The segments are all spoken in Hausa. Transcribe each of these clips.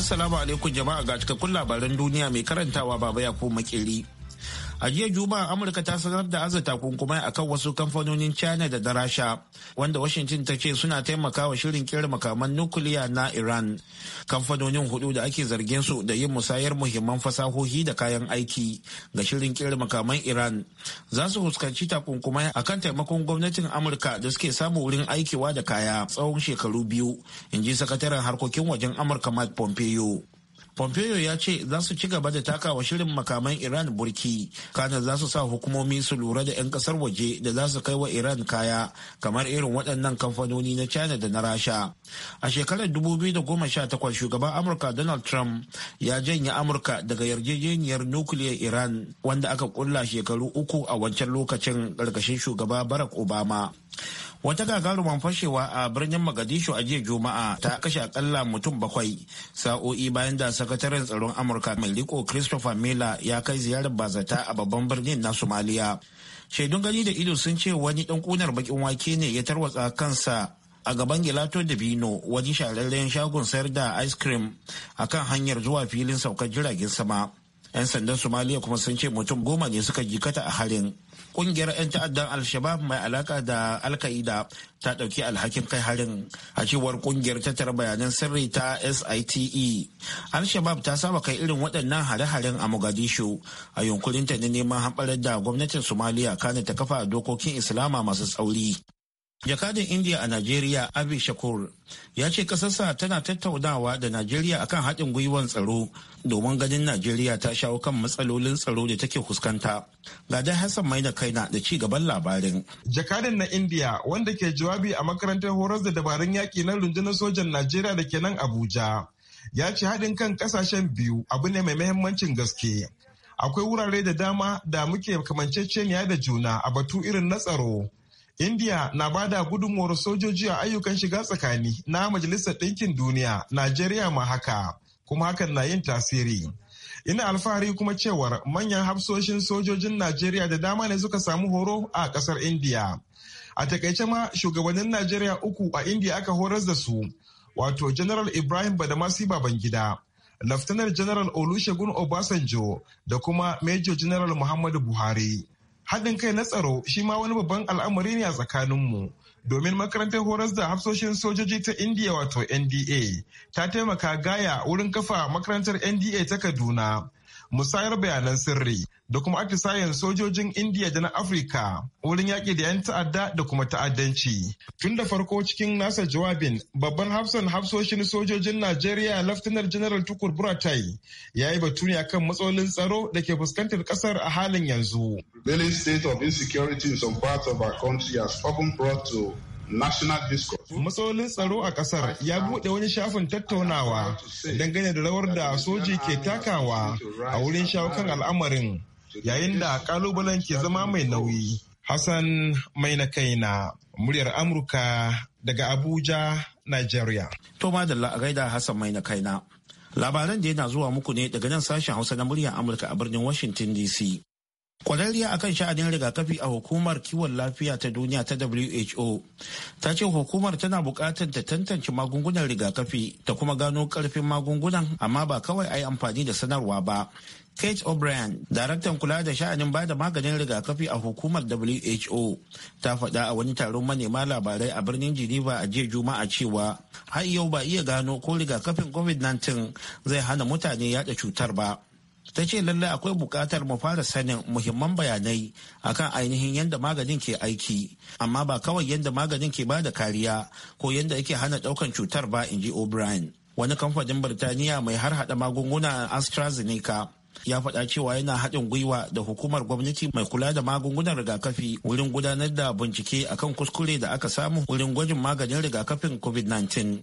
Assalamu alaikum jama'a ga cikakkun labaran duniya mai karantawa baba ya ko makeri. A jiya Juma'a Amurka ta sanar da aza takunkumai akan wasu kamfanonin China da na Rasha wanda Washington ta ce suna taimakawa shirin kera makaman nukiliya na Iran. Kamfanonin hudu da ake zargin su da yin musayar muhimman fasahohi da kayan aiki ga shirin kera makaman Iran za su fuskanci takunkumai akan taimakon gwamnatin Amurka da suke samu wurin aikewa da kaya tsawon shekaru biyu, in ji sakataren harkokin wajen Amurka Mike Pompeo. pompeo ya ce za su ci gaba da takawa shirin makaman iran burki kana za su sa hukumomi su lura da 'yan kasar waje da za su kai wa iran kaya kamar irin waɗannan kamfanoni na china da na rasha a shekarar 2018 shugaban amurka donald trump ya janye amurka daga yarjejeniyar nukiliyar iran wanda aka kulla shekaru uku a wancan lokacin ƙarƙashin shugaba barack obama wata gagaruman fashewa a birnin Magadishu a jiya Juma'a ta kashe akalla mutum bakwai sa'o'i bayan da sakataren tsaron Amurka mai riko Christopher Miller ya kai ziyarar bazata a babban birnin na Somalia. Shaidun gani da ido sun ce wani dan kunar bakin wake ne ya tarwatsa kansa a gaban Gelato da Bino wani shahararren shagon sayar da ice cream a kan hanyar zuwa filin saukar jiragen sama. 'Yan sandan somaliya kuma sun ce mutum goma ne suka jikata a harin. kungiyar 'yan ta'addan al-shabab mai alaka da alka'ida ta dauki alhakin kai harin a cewar kungiyar tattara bayanan sirri ta site al-shabab ta saba kai irin waɗannan hare-haren a mogadishu a yunkurinta na neman haɓarar da gwamnatin somaliya kana ta kafa dokokin islama masu tsauri Jakadin India a Najeriya Abi Shakur ya ce kasarsa tana tattaunawa da Najeriya akan haɗin gwiwar tsaro domin ganin Najeriya ta shawo kan matsalolin tsaro da take fuskanta. Ga dai Hassan mai da kaina da ci gaban labarin. Jakadin na India wanda ke jawabi a makarantar horar da dabarun yaƙi na rundunar sojan Najeriya da ke nan Abuja. Ya ce haɗin kan ƙasashen biyu abu ne mai muhimmancin gaske. Akwai wurare da dama da muke kamanceceniya da juna a batu irin na tsaro. India na bada da gudunmuwar sojoji a ayyukan shiga tsakani na Majalisar Ɗinkin Duniya, Najeriya ma haka, kuma hakan na yin tasiri. Ina alfahari kuma cewar manyan hafsoshin sojojin Najeriya da dama ne suka samu horo a ƙasar India. A takaice ma shugabannin Najeriya uku a India aka horar da su, wato General Ibrahim Badamasi Babangida, Laftanar General Olusegun Obasanjo da kuma Major General Muhammadu Buhari. haɗin kai na tsaro shi ma wani babban al'amari ne a tsakaninmu domin makarantar horas da hafsoshin sojoji ta indiya wato nda ta taimaka gaya wurin kafa makarantar nda ta kaduna musayar bayanan sirri da kuma atisayen sojojin indiya da na afirka wurin yaƙi da 'yan ta'adda da kuma ta'addanci tun da farko cikin nasa jawabin babban hafsan hafsoshin sojojin najeriya laftanar general tukur buratai ya yi batu ne akan matsalolin tsaro da ke fuskantar kasar a halin yanzu. state of insecurity in some parts of our country has often brought Matsalolin tsaro a kasar ya buɗe wani shafin tattaunawa dangane da rawar da soji ke takawa a wurin shawo kan al'amarin yayin da kalubalen ke zama mai nauyi. Hassan mai na kaina muryar Amurka daga Abuja, Nigeria. To da a gaida Hassan mai na kaina. Labaran da yana zuwa muku ne daga nan sashen Hausa na muryar Amurka a birnin Washington DC. Kwararriya akan sha'anin rigakafi a hukumar kiwon lafiya ta duniya ta WHO ta ce hukumar tana buƙatar ta tantance magungunan rigakafi ta kuma gano karfin magungunan amma ba kawai a yi amfani da sanarwa ba. Kate O'Brien, daraktan kula da sha'anin bada maganin rigakafi a hukumar WHO, ta faɗa a wani taron manema labarai a birnin Geneva a jiya Juma'a cewa har yau ba iya gano ko rigakafin COVID-19 zai hana mutane yada cutar ba. ta ce lallai akwai buƙatar mu fara sanin muhimman bayanai akan ainihin yadda maganin ke aiki amma ba kawai yadda maganin ke bada kariya ko yadda yake hana ɗaukan cutar ba in ji o'brien wani kamfanin birtaniya mai har hada magunguna astrazeneca ya faɗa cewa yana haɗin gwiwa da hukumar gwamnati mai kula da magungunan rigakafi wurin gudanar da bincike akan kuskure da aka samu wurin gwajin maganin rigakafin covid-19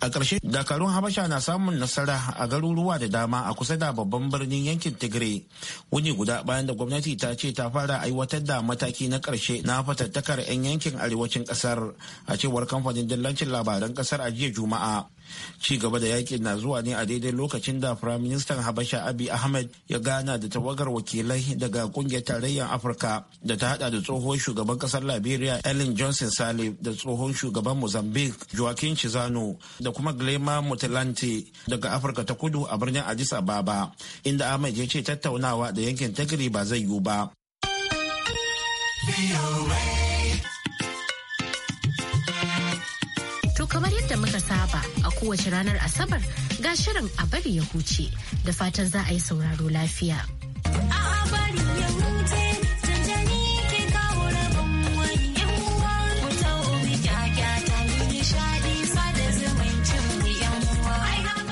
A ƙarshe dakarun Habasha na samun nasara a garuruwa da dama a kusa da babban birnin yankin Tigray. Wuni guda bayan da gwamnati ta ce ta fara aiwatar da mataki na ƙarshe na fatattakar 'yan yankin arewacin ƙasar a cewar kamfanin dillancin labaran ƙasar a jiya Juma'a. ci gaba da yakin na zuwa ne a daidai lokacin da firaministan habasha abi ahmed ya gana da tawagar wakilai daga kungiyar tarayyar afirka da ta hada da tsohon shugaban kasar liberia ellen johnson salif da tsohon shugaban mozambique joaquin chizano da kuma glema mutilante daga afirka ta kudu a birnin addis ababa inda ahmed ya ce tattaunawa da yankin tagiri ba zai yiwu ba. kamar yadda muka saba a kowace ranar Asabar ga shirin a bari ya huce da fatan za a yi sauraro lafiya. A bari ya huce.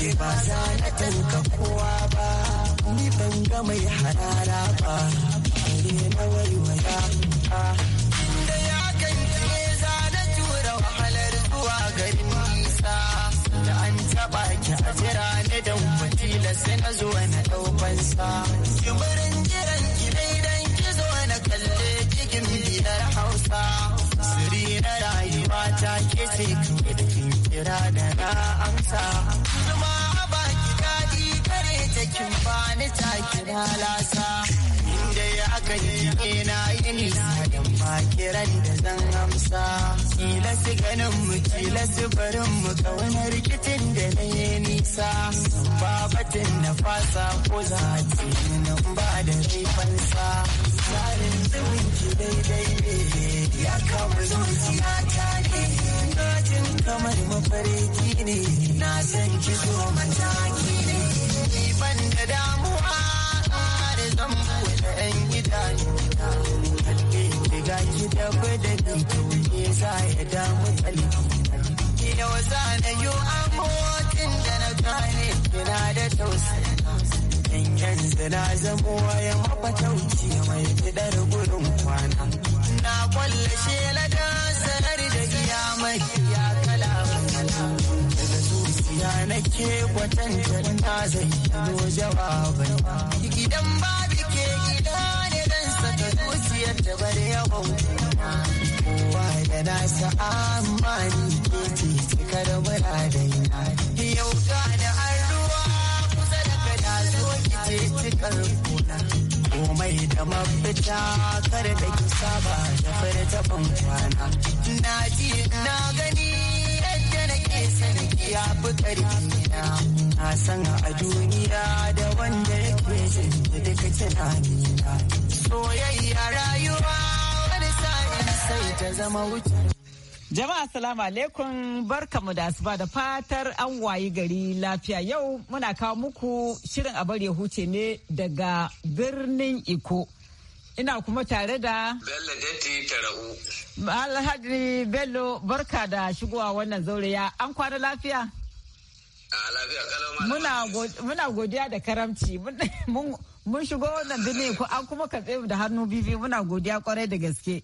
ce ba za na tanka kowa ba ni ban ga mai harara ba ne na waiwaya da ya kan ne za na tura wahalar zuwa garin nisa da an taba ki a jira ne don kwatila sai na zo na daukan sa kimarin jiran ki dai dan ki zo na kalle cikin biyar hausa siri na rayuwa ta ke ce ki da kin kira da na amsa lalasa inda ya aka yi na yi nisa don ba da zan amsa kila su ganin mu kila su barin mu kauna rikicin da na yi nisa babatin na fasa ko za a ce nan ba da sa tsarin zuwin ki daidai ne ya kama ya ta ne Gajin kamar mafariki ne na san ki zo mataki ne ban da damuwa dan buwa na yan gida Ga ki da badali ne za ya damu tsalki. Yau za na yi amotin da na gane kina da tausayi. Dan yanzu na zamo waya mafatauci mai fidar gurin kwana. Na kwalla shela da sanar da iya mai ya kala Daga zuciya nake kwatanta na zai yi jawabai. Gidan ba yadda bare yawon kowa da nasa amani ke ce cika da muradaina yau gane an ruwa kusa da kada zo ki cikar kuna komai da mafita kar da ki saba da fara taɓin kwana na ji na gani yadda nake san ya fi ƙarfi na na san a duniya da wanda yake jin da duka tunanina soyayya rayuwa wani sa'in sai ta zama wuce. Jama'a salamu alaikum barkamu da asuba da fatar an wayi gari lafiya yau muna kawo muku shirin a bari ya huce ne daga birnin Iko. Ina kuma tare da Bello Jeti Tarau. Alhaji Bello barka da shigowa wannan zauriya an kwana lafiya? Ah, muna godiya da karamci. mun shigo wannan birni ko an kuma karɓe da hannu bibi muna godiya kwarai da gaske.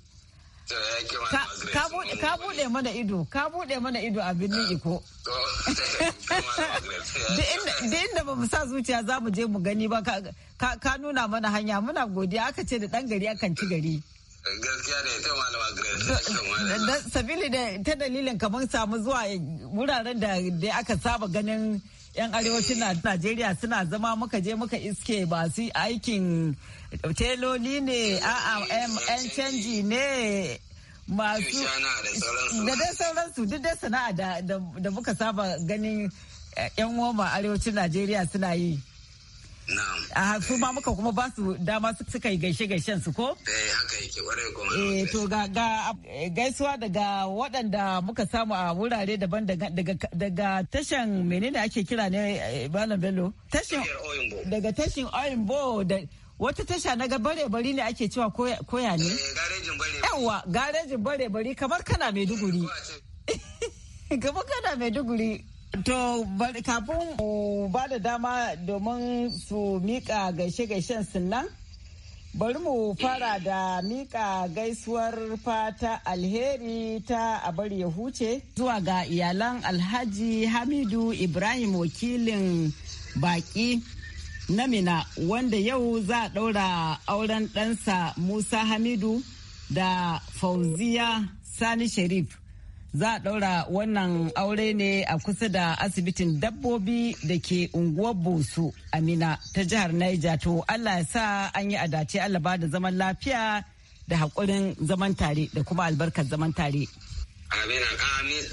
Ka buɗe mana ido, ka buɗe mana ido a birnin Iko. Da inda ba sa zuciya za mu je mu gani ba ka nuna mana hanya muna godiya aka ce da ɗan gari akan ci gari. gaskiya ne ta malama sabili da ta dalilin kamar samu zuwa wuraren da aka saba ganin 'yan arewacin Najeriya suna zama muka je muka iske masu aikin teloli ne, a'a 'yan canji ne masu da dai sauransu duk dai sana'a da muka saba ganin eh, 'yan woma arewacin Najeriya suna yi. Na'am. Ah, su ma muka kuma ba su dama suka yi gaishe-gaishen su ko? Eh haka yake warai kuma. Eh to ga ga eh, gaisuwa daga waɗanda muka samu a wurare daban daga tashan menene ake kira ne eh, Malam Bello? Tashin daga tashin Oyinbo da wata tasha na ga bare bari ne ake cewa koya ne? Eh, garejin bare. Yawwa garejin bare bari kamar kana Maiduguri. Kamar kana Maiduguri. To, kafin mu ba da dama domin su mika gaishe-gaishen sunan, bari mu fara da mika gaisuwar fata alheri ta a ya huce zuwa ga iyalan alhaji Hamidu Ibrahim wakilin baki na Mina wanda yau za a ɗaura auren ɗansa Musa Hamidu da Fauziya Sani Sharif. za a ɗaura wannan aure ne a kusa da asibitin dabbobi da ke unguwar bosu amina ta jihar Niger to allah ya sa an yi adace allah ba da zaman lafiya da haƙurin zaman tare da kuma albarkar zaman tare. Amina, amin.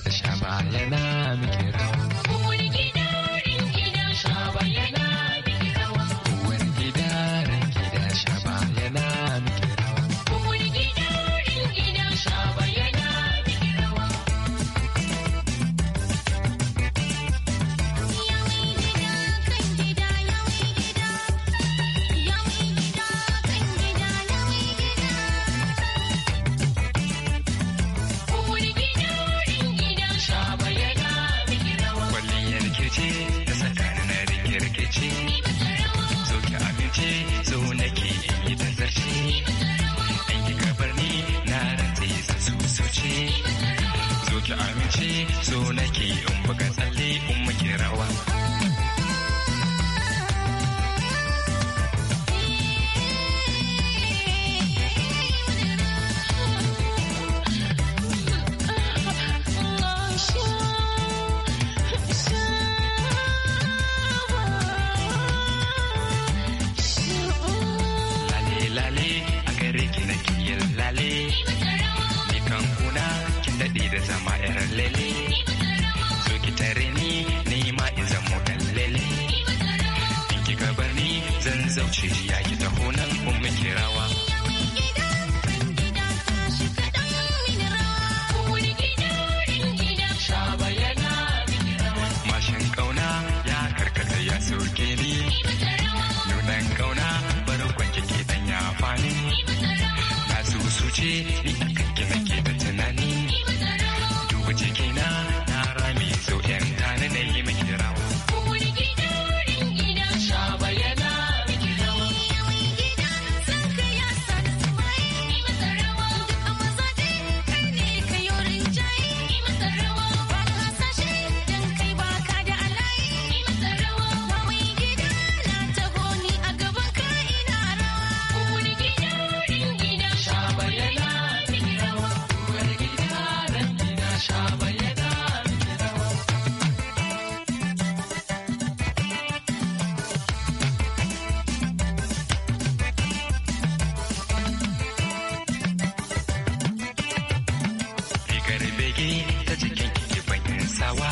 Shimfiɗar bege ta jikin kike bakin sawa.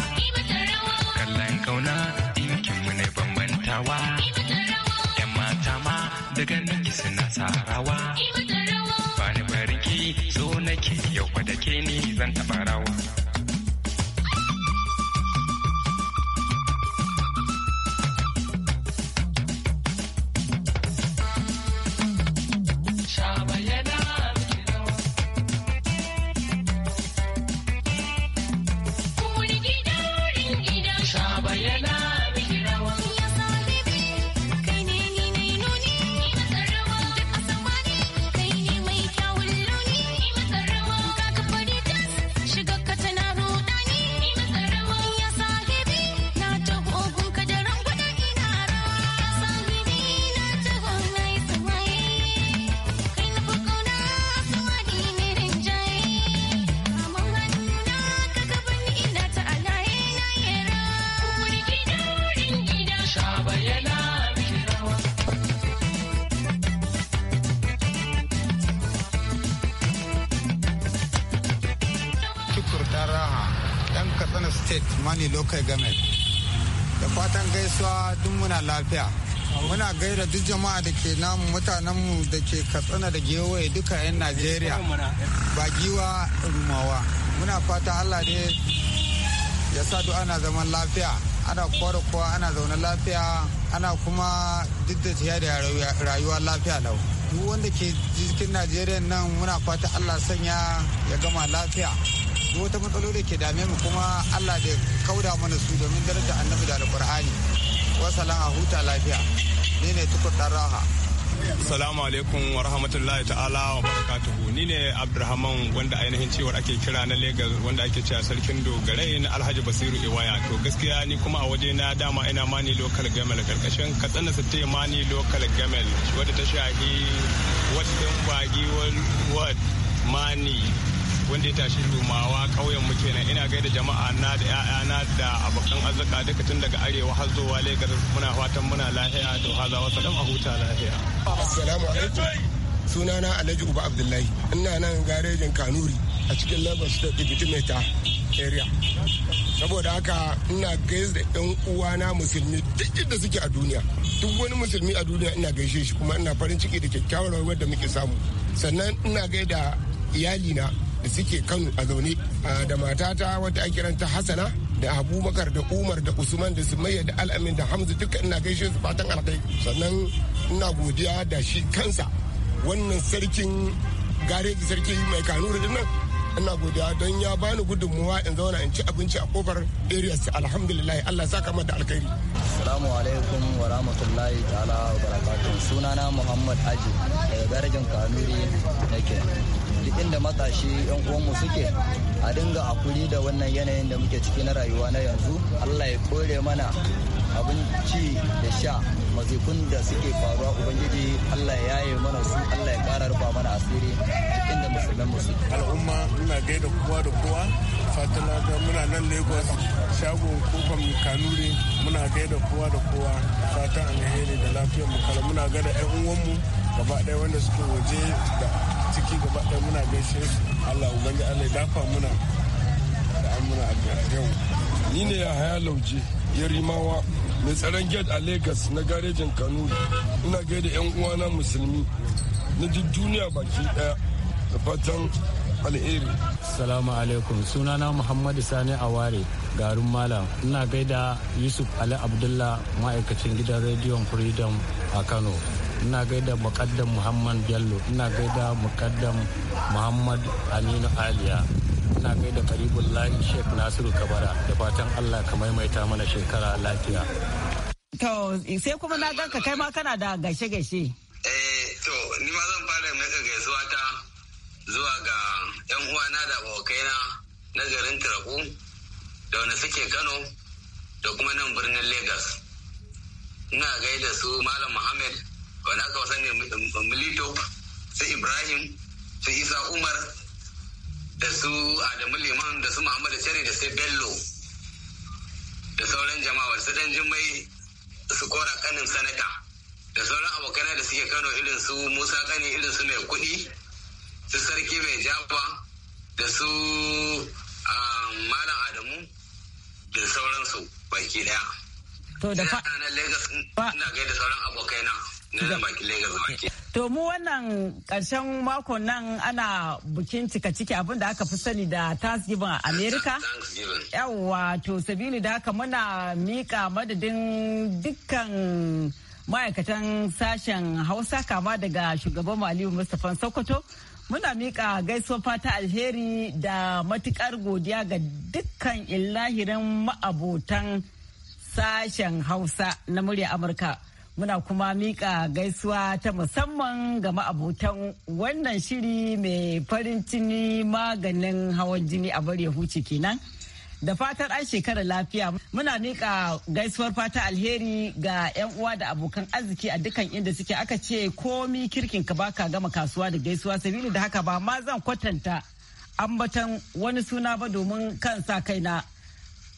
Kallon kauna mu ne bambantawa. ‘Yan mata ma daga naki suna sarawa. Bani bariki zo nake yau da ke ni zan taɓa rawa. mani lokai game da fatan gaisuwa duk muna lafiya muna gaira duk jama'a da ke namu mutanenmu da ke katsina da gewaye duka 'yan najeriya ba giwa rumawa muna fata allah ne ya sa duk ana zaman lafiya ana kowa kowa ana zaune lafiya ana kuma duk da ciya da rayuwa lafiya lau duk wanda ke jikin najeriya nan muna fata allah sanya ya gama lafiya wata matsaloli ke dame mu kuma Allah da kauda mana su domin daraja annabi da alqur'ani wasalan a huta lafiya ne ne tukur dan raha Salamu alaikum wa rahmatullahi ta'ala wa barakatuhu ni ne Abdurrahman wanda ainihin cewar ake kira na Legas wanda ake cewa sarkin dogare na Alhaji Basiru Iwaya to gaskiya ni kuma a waje na dama ina mani local gamel karkashin katsina su te mani local gamel wadda ta shahi wadda bagi wad mani wanda ya tashi rumawa ƙauyen mu kenan ina gaida jama'a na da ƴaƴana da abokan arzika duka tun daga arewa har zuwa Legas muna fatan muna lafiya da wasu dan a huta lahiya. assalamu alaikum sunana Alhaji Uba Abdullahi ina nan garejin Kanuri a cikin Lagos da Ibitimeta area saboda haka ina gaisa da yan uwana musulmi duk inda suke a duniya duk wani musulmi a duniya ina gaishe shi kuma ina farin ciki da kyakkyawar rayuwar da muke samu sannan ina gaida iyalina da suke kano a zaune da matata wata ake kiranta hasana da abubakar da umar da usman da sumayya da al'amin da hamza duka ina gaishe su fatan alkai sannan ina godiya da shi kansa wannan sarkin gareji sarki mai kanuri da nan ina godiya don ya bani gudunmuwa in zauna in ci abinci a kofar areas alhamdulillah Allah saka mata alkhairi assalamu alaikum wa rahmatullahi ta'ala wa barakatuh sunana muhammad aji daga garejin kanuri nake duk inda matashi yan uwanmu suke a dinga akuri da wannan yanayin da muke ciki na rayuwa na yanzu allah ya kore mana abinci da sha mazikun da suke faruwa ubangiji allah ya yaye mana su allah ya kara rufa mana asiri cikin da musulman musu al'umma muna gaida kowa da kowa fatala da muna nan lagos shagon kofan kanuri muna gaida kowa da kowa fatan alheri da lafiyar mu kala muna gada yan uwanmu gaba ɗaya wanda suke waje da ciki gaba ɗaya muna gaishe su allah ubangi allah ya dafa muna da an muna yau ni ne ya haya lauje yarimawa mai tsaron gate a lagos na garejin kanuri ina gaida yan uwana musulmi na duk duniya baki daya da fatan alheri salamu alaikum sunana muhammadu sani aware garin malam ina gaida yusuf ali abdullah ma'aikacin gidan rediyon freedom a kano ina gaida mukaddam muhammad bello ina gaida mukaddam muhammad aminu aliya ina gaida karibullahi sheikh nasiru kabara da fatan allah ka maimaita mana shekara lafiya to sai kuma na ganka kai ma kana da gaishe-gaishe eh to ni ma zan fara mai gaisuwa ta zuwa ga yan uwana da abokaina na garin tiraku da wani suke kano da kuma nan birnin lagos ina gaida su malam muhammad wanda aka wasan ne milito su ibrahim su isa umar da su adamu liman da su muhammadu shari da su bello da sauran jama'a su dan jimai su kora kanin sanata da sauran abokanai da suke kano irin su musa kani irin su mai kudi su sarki mai jaba da su ah, malam adamu da sauransu baki daya. To da fa. Ina gaida sauran abokaina. To mu wannan ƙarshen makon nan ana bukin cika ciki abin da aka fi sani da Thanksgiving a Amerika. Yawwa to sabini da haka muna mika madadin dukkan ma'aikatan sashen Hausa kama daga shugaban Maliyu Mustapha Sokoto. Muna mika gaisuwa fata alheri da matukar godiya ga dukkan illahirin ma'abotan sashen Hausa na murya Amurka. Muna kuma mika gaisuwa ta musamman ga ma'abutan wannan shiri mai farin cini maganin hawan jini a bari ya huce kenan. da fatar an shekara lafiya muna mika gaisuwar fata alheri ga 'yan uwa da abokan arziki a dukkan inda suke aka ce komi kirkin ka baka gama kasuwa da gaisuwa sabili da haka ba ma zan kwatanta ambatan wani suna ba domin kan sa kaina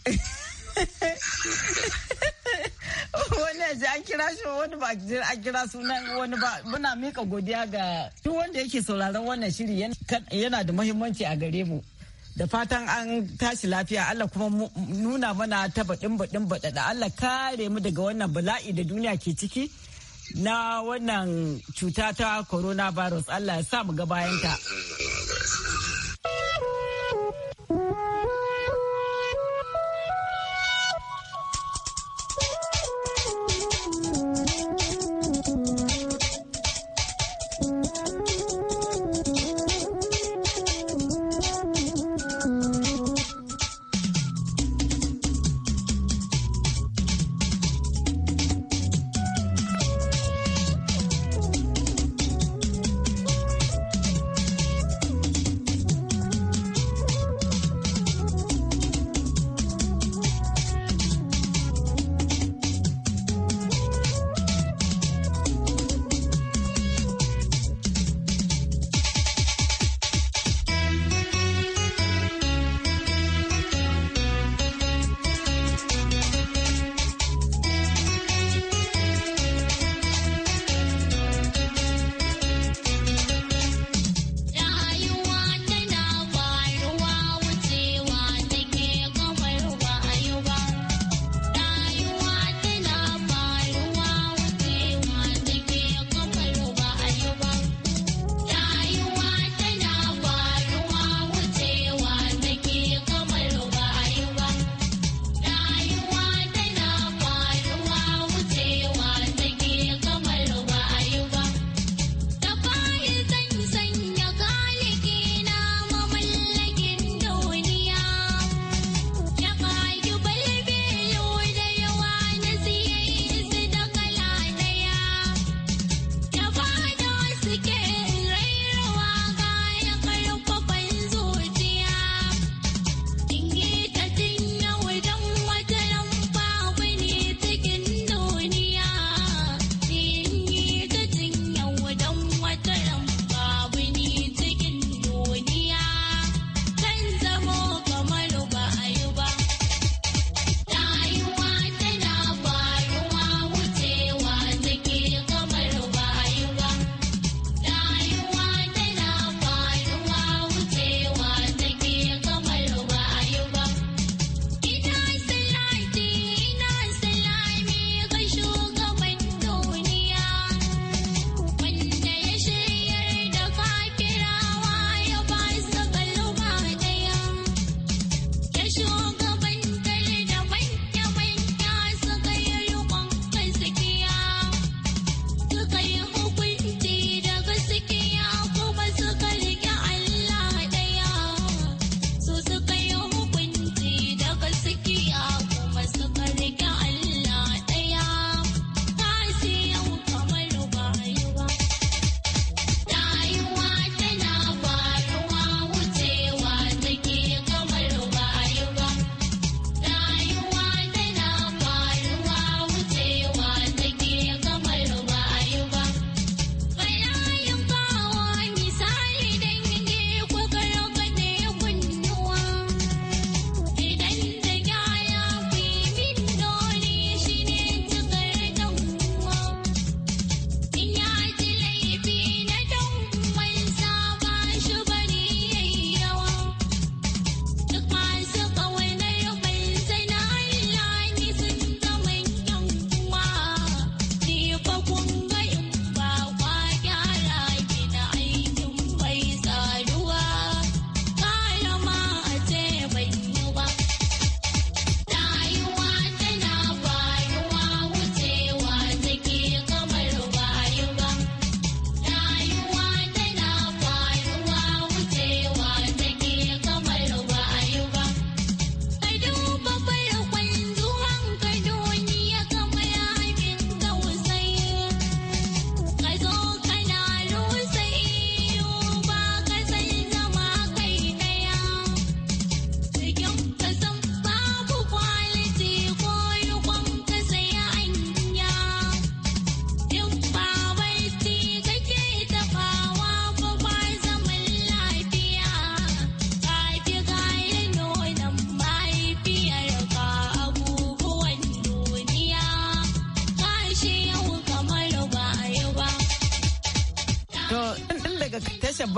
wani ce an kira shi wani ba a kira suna wani ba muna mika godiya ga duk wanda yake sauraron wannan shiri yana da muhimmanci a gare mu da fatan an tashi lafiya Allah kuma nuna mana ta baɗin baɗin baɗaɗa Allah kare mu daga wannan bala'i da duniya ke ciki na wannan cuta ta coronavirus Allah ya sa mu ga bayanta.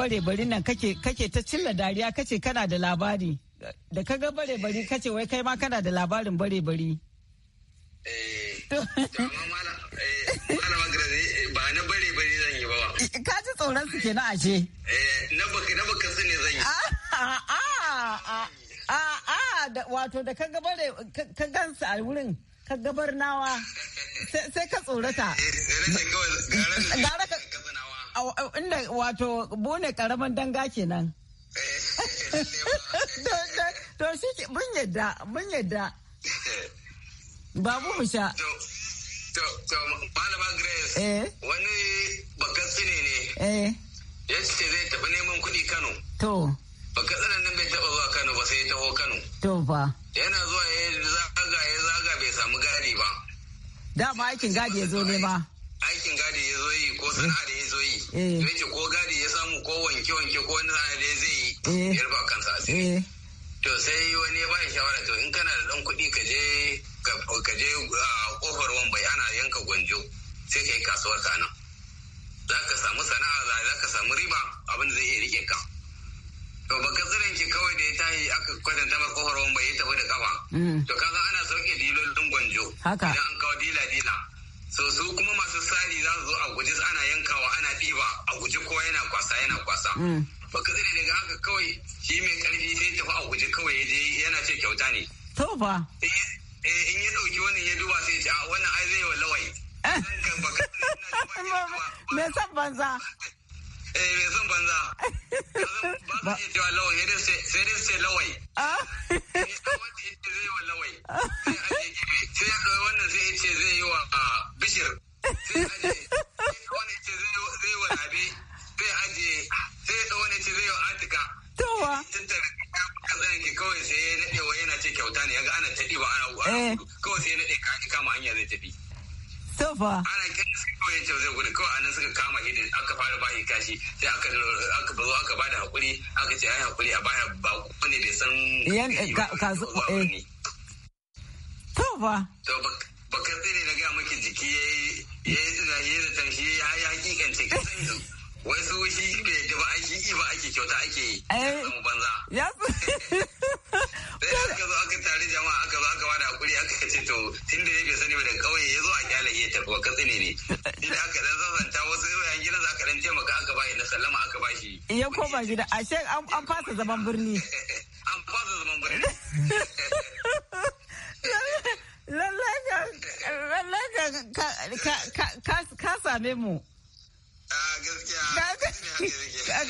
bare bari nan kake kake ta cilla dariya kace kana da labari da ka ga bare bari kace wai kai ma kana da labarin bare bari Kaji eh, eh, eh, ka ji tsoron su ke ashe na baka na baka su ne zan yi ah, ah, ah, a a wato da ka gabare ka gansu a wurin ka gabar nawa sai ka tsorata gara inda wato bone karamin danga kenan. Eh, to shi mun yadda mun yadda. Babu mu sha. To malama Grace. Eh. Wani bakatsine ne. Eh. Ya ce zai tafi neman kuɗi Kano. To. Bakatsinan nan bai taɓa zuwa Kano ba sai ya taho Kano. To ba. Yana zuwa ya zaga ya zaga bai samu gadi ba. Dama aikin gadi ya zo ne ba. aikin gadi ya zo yi ko sana'a da ya zo yi eh. yake ko gadi ya samu ko wanke wanke ko wani sana'a da zai yi eh. ya rufa kansa eh. to sai wani ya bashi shawara to in kana da dan kuɗi ka je ka je kofar wambai ana yanka gwanjo sai ka yi kasuwar ka nan za ka samu sana'a za ka samu riba abin da zai iya rike ka to baka tsirin ki kawai da ya tashi aka kwatanta ba kofar wambai ya tafi da kafa mm. to kaza ana sauke dilolin gwanjo idan an kawo dila dila so su kuma masu sari za su zo a guji ana yankawa ana ɗiba a guji kowa yana kwasa yana kwasa baka mm. zai daga haka kawai shi mai karfi sai tafi a guji kawai yaje yana ce kyauta ne to ba eh, eh, in ya ɗauki wannan ya duba sai ce a wannan ai zai wa lawai eh. me san banza Eh zan banza. Ba za iya cewa lawai sai dai sai lawai. Zai wa lawai. Sai ya ɗauki wannan sai ya ce zai yi wa bishir. Sai ya ce zai yi wa labe. Sai ya ajiye. Sai ya ɗauki ce zai yi wa atika. Tawa. Tattara kazanin ki kawai sai ya naɗe wa yana ce kyauta ne. Yaga ana taɗi ba ana uwa. Kawai sai ya naɗe kama hanya zai tafi. Sofa. Ana shi sai aka aka bazo aka bada hakuri aka ce ai hakuri a baya ba ku bai san yan ka su eh. to ba to ba ba ka sai ne ga miki jiki yayi yayi tana yayi da tanshi ya ya hakikance ka san wai su shi bai da ba aiki ba ake kyauta ake yi ya eh, banza ya koma gida a an fasa zaman birni an fasa zaman birni ka same mu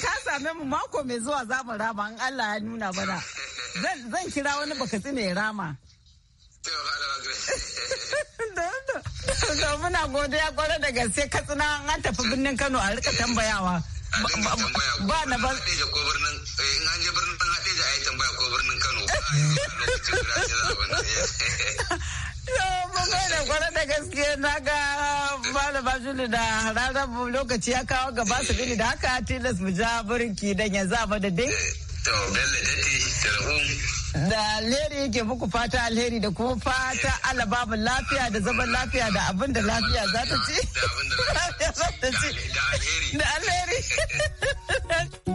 ka same mu mako mai zuwa za mu rama an Allah ya nuna bana zan kira wani baka mai rama da muna godiya kwarai da gaske katsina an tafi birnin kano a rika tambayawa ba na ba Hadeja ko birnin in an je birnin Hadeja ai tambaya ko birnin Kano da kwarar da na ga malama da ranar lokaci ya kawo gaba su gini da haka tilas mu ja birki dan yanzu a madadin. Eh, to, Bello da alheri yake muku fata alheri da kuma fata Allah babu lafiya da zaman lafiya da abin da lafiya za ta ci. Da alheri.